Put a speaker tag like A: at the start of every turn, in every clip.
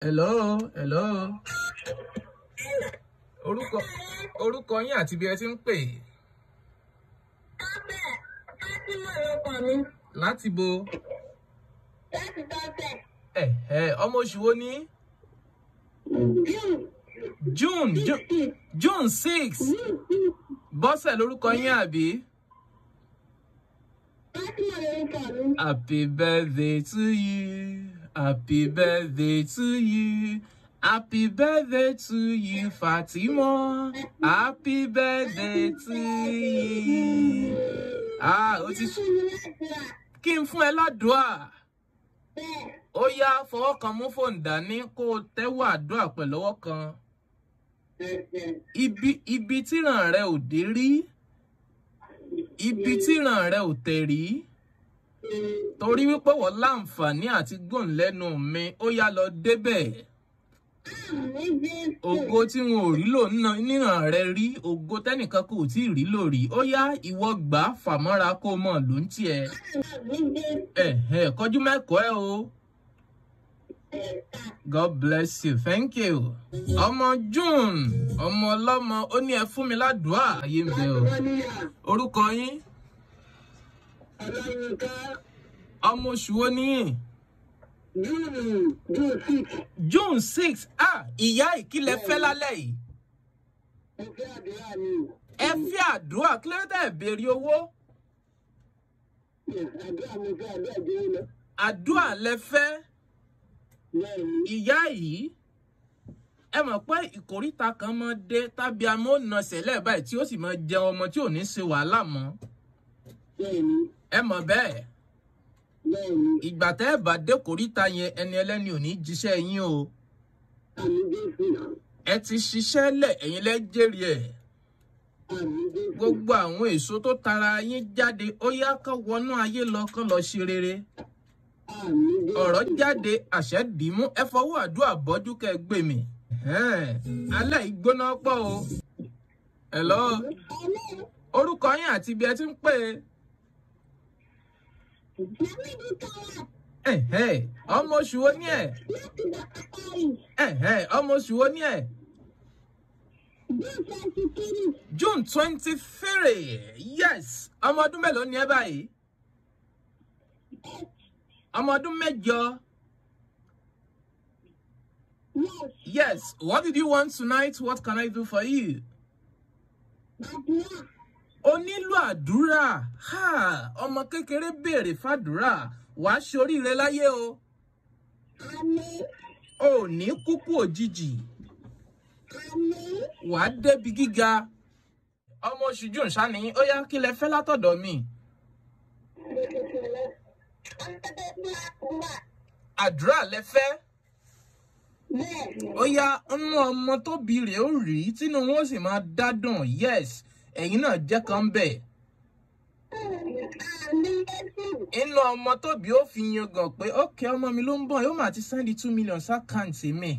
A: hello hello orúkọ orúkọ yín àti ibi ẹ ti ń pè. abẹ fatima lọkọ mi. láti bo. láti tọ́tẹ̀. ẹ ẹ ọmọ oṣù wo ni. june june june six bọ́sẹ̀ lórúkọ yín àbí. fatima lórúkọ mi. happy birthday to you. Happy birthday to you. Happy birthday to you, Fatima. Happy birthday to you. Ah, ó ti kí n fún ẹ ládùúà. Ó yá fọwọ́ kan mú fóònù dání kó o tẹ́wọ́ àdúrà pẹ̀lú kan. Ibi ibi tíran rẹ ò dé rí. Ibi tíran rẹ ò tẹ̀ rí torí wípé wọ́n láǹfààní àti gbóhùn lẹ́nu mi ó yá lọ débẹ̀ ògo tí wọn ò rí lò níran rẹ rí ògo tẹnìkan kò tí ì rí lò rí ó yá ìwọ gbà fàmọ́ra kó mọ̀ ló ń tiẹ̀. ẹ kọjú mẹ́kọ̀ọ́ ẹ o. God bless you thank you. ọmọ June ọmọ ọlọ́mọ ó ní ẹ fún mi ládùúà ayé ń bẹ o orúkọ yín ọláyínká. ọmọ oṣù wo níyìn. june june six. june six ah ìyá ìkílẹ̀ fẹ́ lálẹ́ yìí. ẹ fẹ́ àdúrà mi. ẹ fẹ́ àdúrà kí ló dé béèrè owó. àdúrà mi fẹ́ àdúrà jẹ́ ìlọ. àdúrà lẹ fẹ́. ìyá yìí ẹ mọ̀ pé ìkóríta kan mọ́ dé tàbí amóhùn náà ṣẹlẹ̀ báyìí tí ó sì mọ́ jẹun ọmọ tí ò ní ṣe wàhálà mọ́ bẹ́ẹ̀ni. ẹ ìgbà tẹ́ ẹ bá dé kòríta yẹn ẹni ẹlẹ́ni ò ní jíṣẹ́ yín o. ẹ ti ṣiṣẹ́ lẹ̀ ẹ̀yin lẹ́jẹ̀rì ẹ̀. gbogbo àwọn èso tó tara yín jáde ó yá kán wọnú ayé lọ kán lọ ṣe rere. àmì jésù. ọ̀rọ̀ jáde àṣẹ dìímú ẹ fọwọ́ àdúrà bọ́jú kẹ́ gbèmí. alẹ́ ìgbóná pọ̀ o. Hello. Hello. Orúkọ yín àti ibi ẹ ti ń pè é ọmọ oṣù wo ni ẹ ọmọ oṣù wo ni ẹ june twenty three yes ọmọ ọdún mélòó ni ẹ báyìí ọmọ ọdún mẹ́jọ yes what did you want tonight what can I do for you ó nílò àdúrà ọmọ kékeré béèrè fàdúrà wàá ṣoríire láyé o. àmín. o ò ní kúkú òjijì. àmín. wàá débi gíga. ọmọ oṣù june sani ó yá kí lẹ fẹ́ látọ̀dọ̀ mi. àdúrà lẹ fẹ́. ó yá ń ọmọ tóbi rẹ̀ ó rí tínú wọn sì máa dádùn yes ẹ̀yin náà jẹ́ kan bẹ̀. ńlọ ọmọ tóbi ó fi yangàn pé ókè ọmọ mi ló ń bọ̀ yóò máa ti sẹ́ndí two million sákàǹtì mi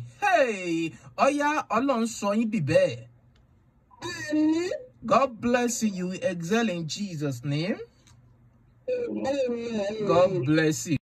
A: ọ̀yá ọlọ́run sọ yín dì bẹ́ẹ̀. God bless you. You excel in Jesus' name. God bless you.